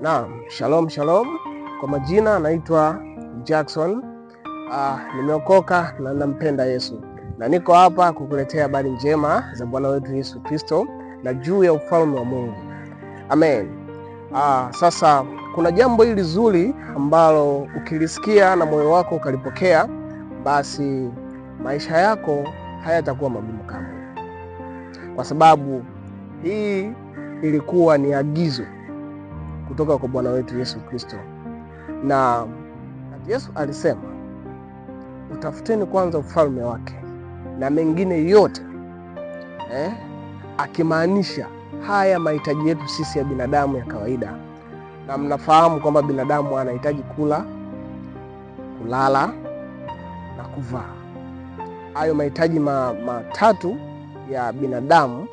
Naam, shalom shalom. Kwa majina naitwa Jackson. Uh, nimeokoka na nampenda Yesu na niko hapa kukuletea habari njema za Bwana wetu Yesu Kristo na juu ya ufalme wa Mungu. Amen. Uh, sasa kuna jambo hili zuri ambalo ukilisikia na moyo wako ukalipokea, basi maisha yako hayatakuwa magumu kamwe, kwa sababu hii ilikuwa ni agizo kutoka kwa Bwana wetu Yesu Kristo. Na Yesu alisema, utafuteni kwanza ufalme wake na mengine yote eh, akimaanisha haya mahitaji yetu sisi ya binadamu ya kawaida. Na mnafahamu kwamba binadamu anahitaji kula, kulala na kuvaa. Hayo mahitaji matatu ma ya binadamu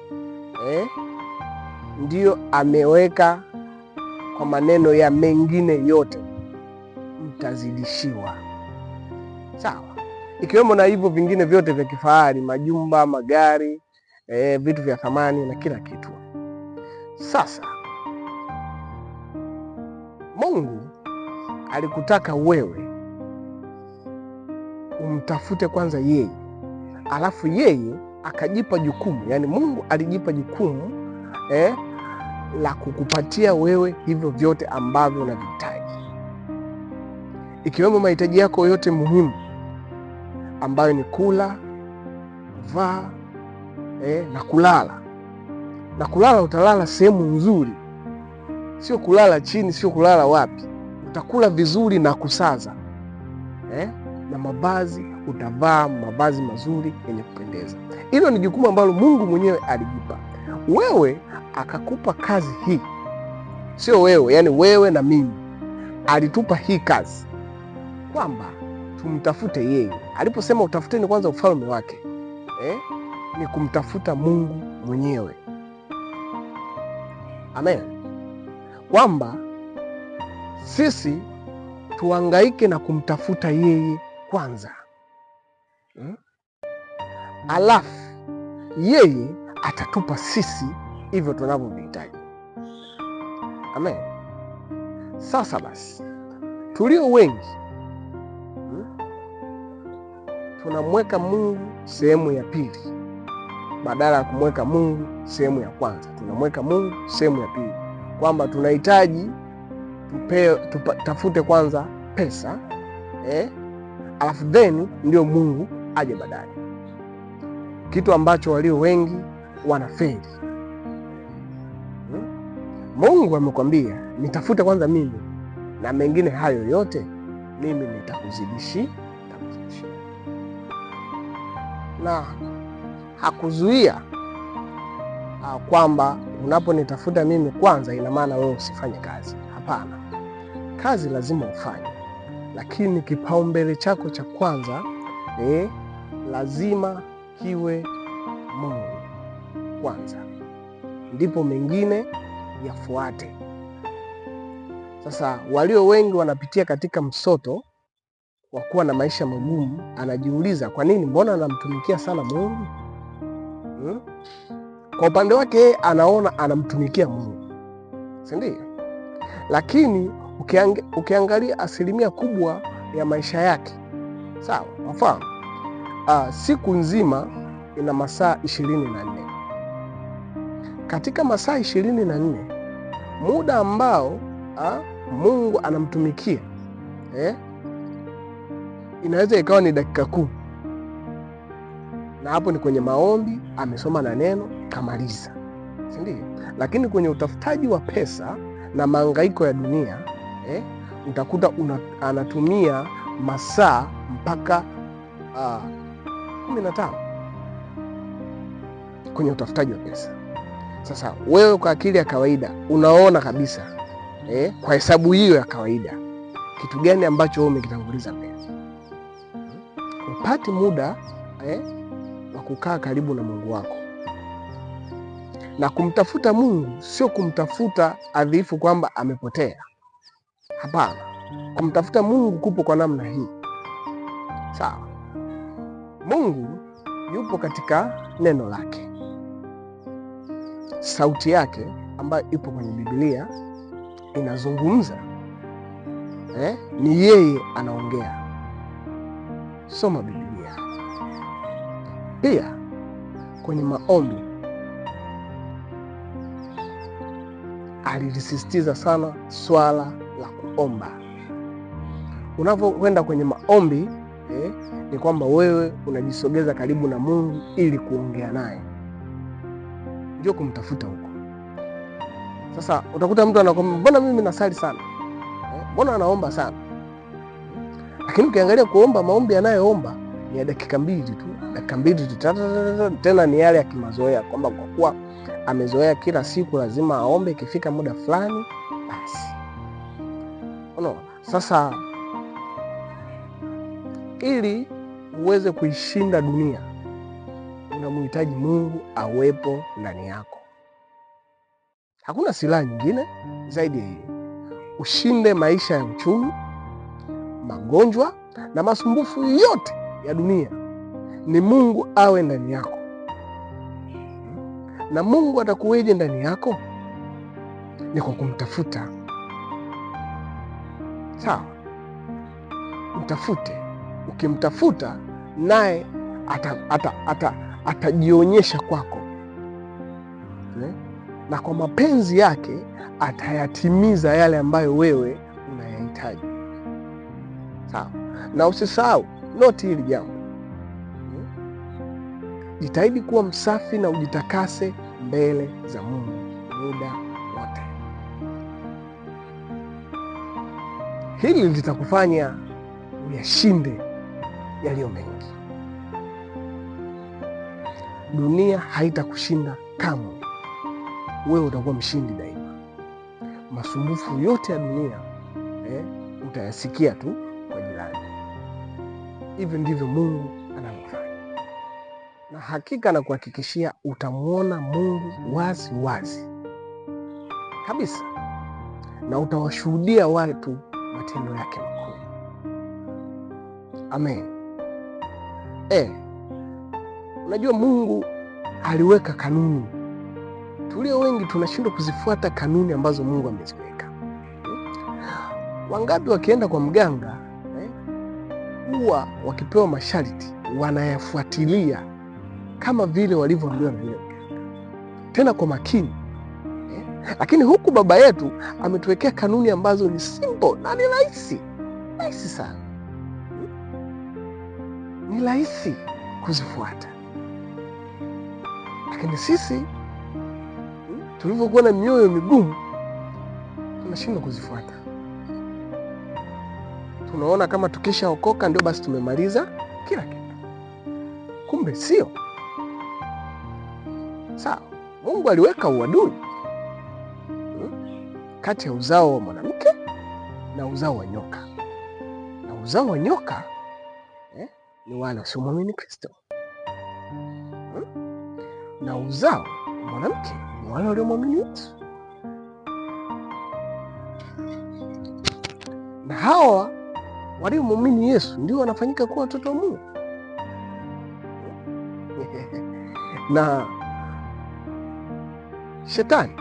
eh, ndiyo ameweka kwa maneno ya mengine yote mtazidishiwa. Sawa, ikiwemo na hivyo vingine vyote vya kifahari, majumba, magari, e, vitu vya thamani na kila kitu. Sasa Mungu alikutaka wewe umtafute kwanza yeye, alafu yeye akajipa jukumu, yaani Mungu alijipa jukumu eh, la kukupatia wewe hivyo vyote ambavyo unavihitaji, ikiwemo mahitaji yako yote muhimu ambayo ni kula, kuvaa eh, na kulala. Na kulala utalala sehemu nzuri, sio kulala chini, sio kulala wapi. Utakula vizuri na kusaza eh, na mavazi utavaa mavazi mazuri yenye kupendeza. Hilo ni jukumu ambalo Mungu mwenyewe alijipa wewe akakupa kazi hii, sio wewe, yani wewe na mimi, alitupa hii kazi kwamba tumtafute yeye. Aliposema utafuteni kwanza ufalme wake eh, ni kumtafuta Mungu mwenyewe. Amen, kwamba sisi tuangaike na kumtafuta yeye kwanza hmm? Alafu yeye atatupa sisi hivyo tunavyovihitaji. Amen. Sasa basi, tulio wengi hmm, tunamweka Mungu sehemu ya pili badala ya kumweka Mungu sehemu ya kwanza. Tunamweka Mungu sehemu ya pili, kwamba tunahitaji tupewe, tafute kwanza pesa eh, alafu then ndio Mungu aje baadaye, kitu ambacho walio wengi wanafeli. Mungu amekwambia nitafute kwanza mimi na mengine hayo yote mimi nitakuzidishi, Na hakuzuia ah, kwamba unaponitafuta mimi kwanza, ina maana wewe usifanye kazi. Hapana, kazi lazima ufanye, lakini kipaumbele chako cha kwanza ni lazima kiwe Mungu kwanza, ndipo mengine yafuate. Sasa walio wengi wanapitia katika msoto wa kuwa na maisha magumu, anajiuliza kwa nini, mbona anamtumikia sana Mungu hmm? Kwa upande wake yeye anaona anamtumikia Mungu, si ndio? Lakini ukiang ukiangalia asilimia kubwa ya maisha yake, sawa, mfano uh, siku nzima ina masaa ishirini na nne katika masaa ishirini na nne muda ambao ha, ah, Mungu anamtumikia eh, inaweza ikawa ni dakika kuu, na hapo ni kwenye maombi, amesoma na neno kamaliza, si ndio? Lakini kwenye utafutaji wa pesa na mahangaiko ya dunia eh, utakuta una, anatumia masaa mpaka ah, kumi na tano kwenye utafutaji wa pesa. Sasa wewe kwa akili ya kawaida unaona kabisa eh, kwa hesabu hiyo ya kawaida kitu gani ambacho wewe umekitanguliza mbele. Upate muda eh, wa kukaa karibu na Mungu wako na kumtafuta Mungu, sio kumtafuta adhifu kwamba amepotea. Hapana, kumtafuta Mungu kupo kwa namna hii. Sawa, Mungu yupo katika neno lake sauti yake ambayo ipo kwenye Biblia inazungumza eh? Ni yeye anaongea. Soma Biblia. Pia kwenye maombi alilisisitiza sana swala la kuomba. Unapokwenda kwenye maombi eh, ni kwamba wewe unajisogeza karibu na Mungu ili kuongea naye ndio kumtafuta huko. Sasa utakuta mtu anakwambia mbona mimi nasali sana, eh, mbona eh, anaomba sana, lakini ukiangalia kuomba, maombi anayoomba ni ya dakika mbili tu, dakika mbili tu, tena ni yale ya kimazoea, kwamba kwa kuwa amezoea kila siku lazima aombe, ikifika muda fulani basi ono. Sasa ili uweze kuishinda dunia unamhitaji Mungu awepo ndani yako. Hakuna silaha nyingine zaidi ya hiyo. Ushinde maisha ya uchumi, magonjwa na masumbufu yote ya dunia, ni Mungu awe ndani yako. Na Mungu atakuweje ndani yako? Ni kwa kumtafuta. Sawa, mtafute. Ukimtafuta naye ata, ata, ata atajionyesha kwako ne? Eh? na kwa mapenzi yake atayatimiza yale ambayo wewe unayahitaji. Sawa, na usisahau noti hili jambo, eh? jitahidi kuwa msafi na ujitakase mbele za Mungu muda wote. Hili litakufanya uyashinde yaliyo mengi dunia haitakushinda kamwe, wewe utakuwa mshindi daima. Masumbufu yote ya dunia eh, utayasikia tu kwa jirani. Hivyo ndivyo Mungu anavyofanya, na hakika nakuhakikishia utamwona Mungu wazi wazi kabisa, na utawashuhudia watu matendo yake makuu. Amen. Eh. Unajua Mungu aliweka kanuni, tulio wengi tunashindwa kuzifuata kanuni ambazo Mungu ameziweka. Wangapi wakienda kwa mganga eh, huwa eh, wakipewa masharti wanayafuatilia kama vile walivyoambiwa na yule mganga, tena kwa makini eh? Lakini huku baba yetu ametuwekea kanuni ambazo ni simple na ni rahisi rahisi sana, ni rahisi kuzifuata. Lakini sisi tulivyokuwa na mioyo migumu tunashindwa kuzifuata. Tunaona kama tukishaokoka ndio basi tumemaliza kila kitu, kumbe sio sawa. Mungu aliweka uadui hmm, kati ya uzao wa mwanamke na uzao wa nyoka, na uzao wa nyoka eh, ni wale wasiomwamini Kristo na uzao mwanamke ni wale waliomwamini Yesu, na hawa waliomwamini Yesu ndio wanafanyika kuwa watoto wa Mungu na shetani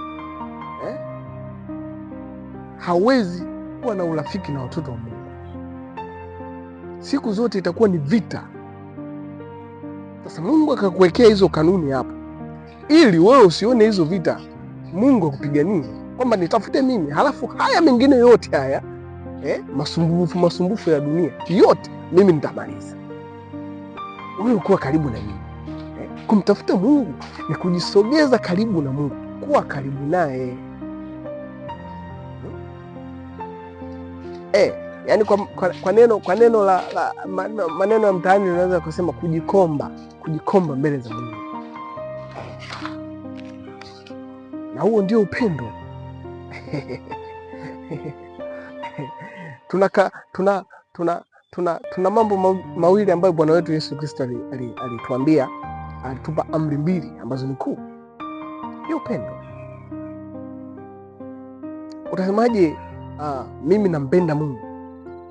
eh, hawezi kuwa na urafiki na watoto wa Mungu. Siku zote itakuwa ni vita. Sasa Mungu akakuwekea hizo kanuni hapo ili wewe usione hizo vita Mungu akupiganie kwamba nitafute mimi, halafu haya mengine yote haya eh, masumbufu masumbufu ya dunia yote mimi nitamaliza. Wewe kuwa karibu na mimi eh, kumtafuta Mungu ni kujisogeza karibu na Mungu, kuwa karibu naye hmm? eh, yani kwa, kwa, kwa neno, kwa neno la, la maneno ya mtaani unaweza kusema kujikomba, kujikomba mbele za Mungu. na huo ndio upendo. tuna, tuna, tuna, tuna, tuna mambo mawili ambayo Bwana wetu Yesu Kristo alituambia, alitupa amri mbili ambazo ni kuu, ni upendo. Utasemaje uh, mimi nampenda Mungu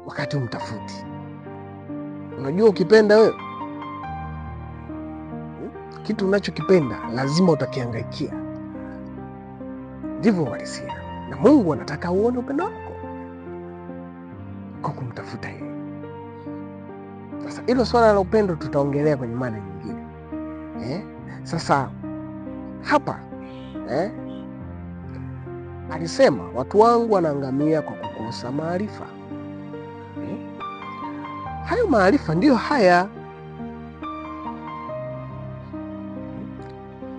wakati umtafuti? Unajua, ukipenda wewe hmm, kitu unachokipenda lazima utakiangaikia ndivyo uhalisia, na Mungu anataka uone upendo wako kwa kumtafuta yeye. Sasa hilo swala la upendo tutaongelea kwenye mada nyingine eh? Sasa hapa eh? Alisema watu wangu wanaangamia kwa kukosa maarifa eh? Hayo maarifa ndiyo haya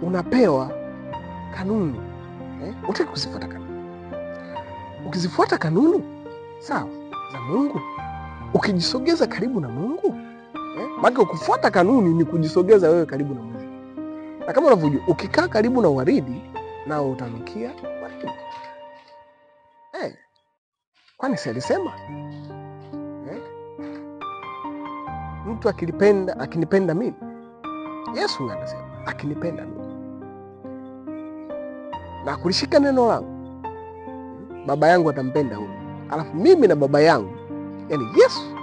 unapewa kanuni eh? Utaki kuzifuata kanuni. Ukizifuata kanuni sawa za Mungu, ukijisogeza karibu na Mungu eh? Maana kufuata kanuni ni kujisogeza wewe karibu na Mungu, na kama unavyojua ukikaa karibu na waridi nao utanukia waridi eh? Kwani si alisema eh? Mtu akinipenda akinipenda mimi, Yesu anasema akinipenda mimi na kulishika neno langu, baba yangu atampenda huyu. Alafu mimi na baba yangu, yani Yesu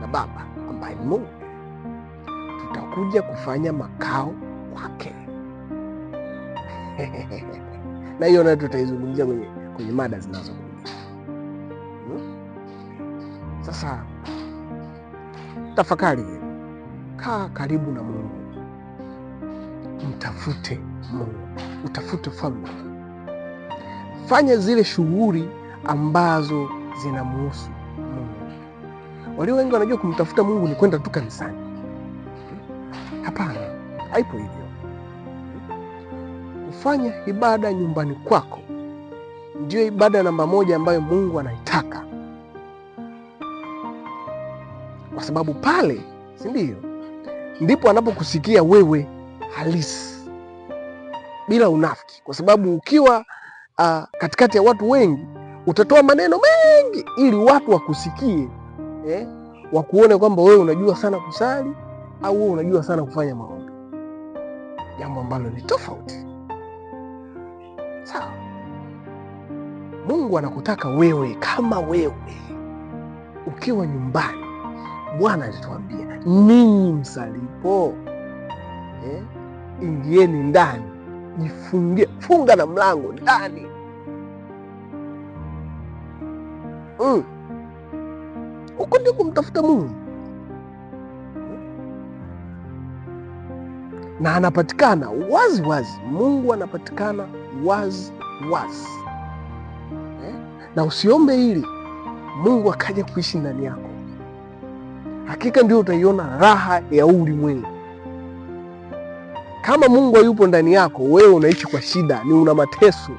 na baba ambaye ni Mungu, tutakuja kufanya makao kwake. na hiyo nayo tutaizungumzia kwenye, kwenye mada zinazokuja. Hmm? Sasa tafakari, kaa karibu na Mungu, mtafute Mungu, utafute falme fanya zile shughuli ambazo zinamuhusu Mungu. Walio wengi wanajua kumtafuta Mungu ni kwenda tu kanisani. Hapana, haipo hivyo. Kufanya ibada nyumbani kwako ndiyo ibada namba moja ambayo Mungu anaitaka, kwa sababu pale, si ndio, ndipo anapokusikia wewe halisi bila unafiki, kwa sababu ukiwa uh, katikati ya watu wengi, utatoa maneno mengi ili watu wakusikie, eh, wakuone kwamba wewe unajua sana kusali au wewe unajua sana kufanya maombi, jambo ambalo ni tofauti. Sawa, Mungu anakutaka wewe kama wewe ukiwa nyumbani. Bwana alituambia ninyi msalipo, eh, ingieni ndani jifungie, funga na mlango ndani mm. ndio kumtafuta Mungu na anapatikana wazi wazi. Mungu anapatikana wazi wazi eh? Na usiombe hili Mungu akaja kuishi ndani yako, hakika ndio utaiona raha ya ulimwengu. Kama Mungu hayupo ndani yako, wewe unaishi kwa shida, ni una mateso,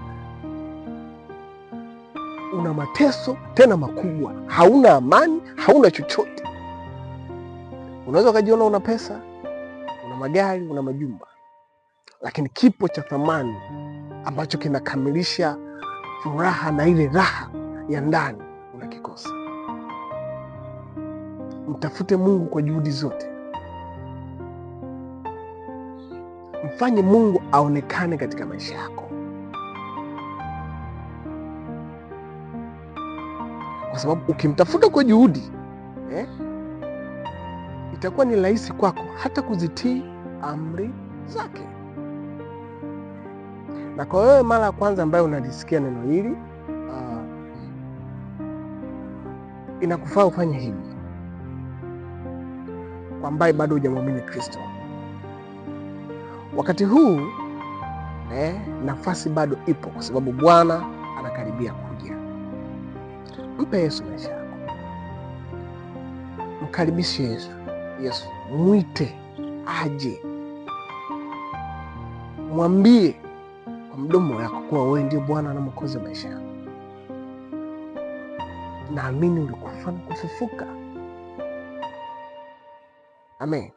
una mateso tena makubwa, hauna amani, hauna chochote. Unaweza ukajiona una pesa, una magari, una majumba, lakini kipo cha thamani ambacho kinakamilisha furaha na ile raha ya ndani unakikosa. Mtafute Mungu kwa juhudi zote. umfanye Mungu aonekane katika maisha yako, kwa sababu ukimtafuta kwa juhudi eh, itakuwa ni rahisi kwako hata kuzitii amri zake. Na kwa wewe mara ya kwanza ambayo unalisikia neno hili uh, inakufaa ufanye hivi, kwa ambaye bado hujamwamini Kristo. Wakati huu ne, nafasi bado ipo, kwa sababu Bwana anakaribia kuja. Mpe Yesu maisha yako, mkaribishe Yesu. Yesu mwite aje, mwambie kwa mdomo yako kuwa wewe ndio Bwana na Mwokozi maisha yako. Naamini ulikufa na kufufuka, amen.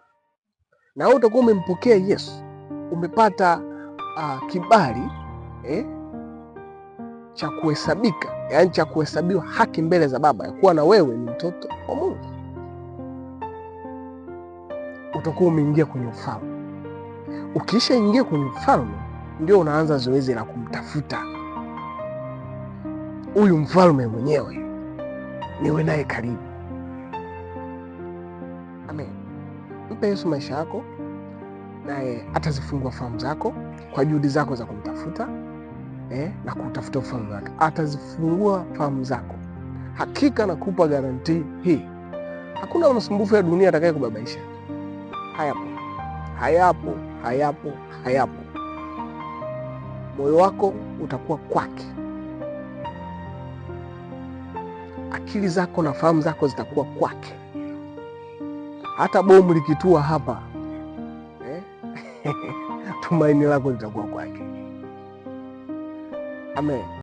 Na wewe utakuwa umempokea Yesu umepata uh, kibali eh, cha kuhesabika, yaani cha kuhesabiwa haki mbele za Baba ya kuwa na wewe ni mtoto wa Mungu, utakuwa umeingia kwenye ufalme. Ukishaingia kwenye ufalme, ndio unaanza zoezi la kumtafuta huyu mfalme mwenyewe, niwe naye karibu. Amen. Mpe Yesu maisha yako naye atazifungua fahamu zako kwa juhudi zako za kumtafuta eh, na kutafuta ufalme wake. Atazifungua fahamu zako. Hakika nakupa garanti hii, hakuna masumbufu ya dunia atakaye kubabaisha. Hayapo, hayapo, hayapo, hayapo. Moyo wako utakuwa kwake, akili zako na fahamu zako zitakuwa kwake. Hata bomu likitua hapa tumaini lako litakuwa kwake. Amen.